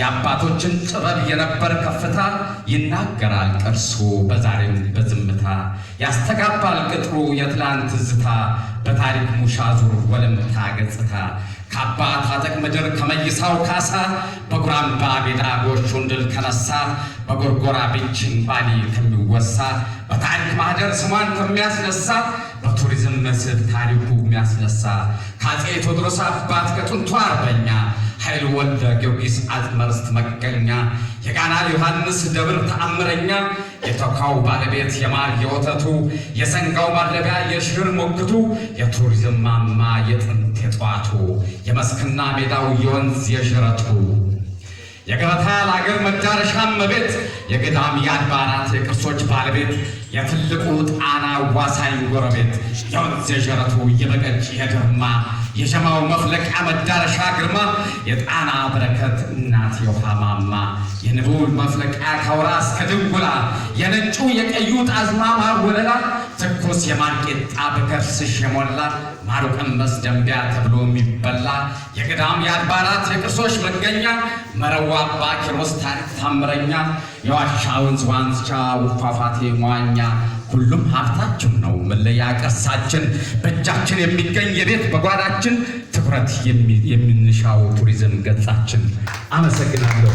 የአባቶችን ጥበብ የነበር ከፍታ ይናገራል ቅርሱ በዛሬም በዝምታ ያስተጋባል ቅጥሩ የትላንት ዝታ በታሪክ ሙሻ ዙር ወለምታ ገጽታ ከአባት አጠቅ ምድር ከመይሳው ካሳ በጉራምባ ሜዳ ጎች ወንድል ከነሳ በጎርጎራ ቤችን ባሊ ከሚወሳ በታሪክ ማህደር ስሟን ከሚያስነሳ በቱሪዝም መስህብ ታሪኩ የሚያስነሳ ከአጼ ቴዎድሮስ አባት ከጥንቱ አርበኛ ወልደ ጊዮርጊስ አዝመርስት መገኛ የቃና ዮሐንስ ደብር ተአምረኛ የተካው ባለቤት የማር የወተቱ የሰንጋው ማድለቢያ የሽር ሞክቱ የቱሪዝም ማማ የጥንት የጠዋቱ የመስክና ሜዳው የወንዝ የሽረቱ የገበታ አገር መዳረሻ መቤት የገዳም የአድባራት የቅርሶች ባለቤት የትልቁ ጣና ዋሳኝ ጎረቤት የወንዝ የሽረቱ የበቀጭ የደር የሸማው መፍለቂያ መዳረሻ ግርማ የጣና በረከት እናት የውሃ ማማ የንቡል መፍለቂያ ከውራ እስከ ድንጉላ የነጩ የቀዩ ጣዝማማ ወለላ ትኩስ የማርቄጣ በከርስሽ የሞላ ማሩቅን መስደንቢያ ደንቢያ ተብሎ የሚበላ የገዳም የአድባራት የቅርሶች መገኛ መረዋ አባ ኪሮስ ታሪክ ታምረኛ የዋሻ ወንዝ ዋንዝቻ ውፏፏቴ መዋኛ ሁሉም ሀብታችን ነው። መለያ ቅርሳችን በእጃችን የሚገኝ የቤት በጓዳችን ትኩረት የምንሻው ቱሪዝም ገጻችን። አመሰግናለሁ።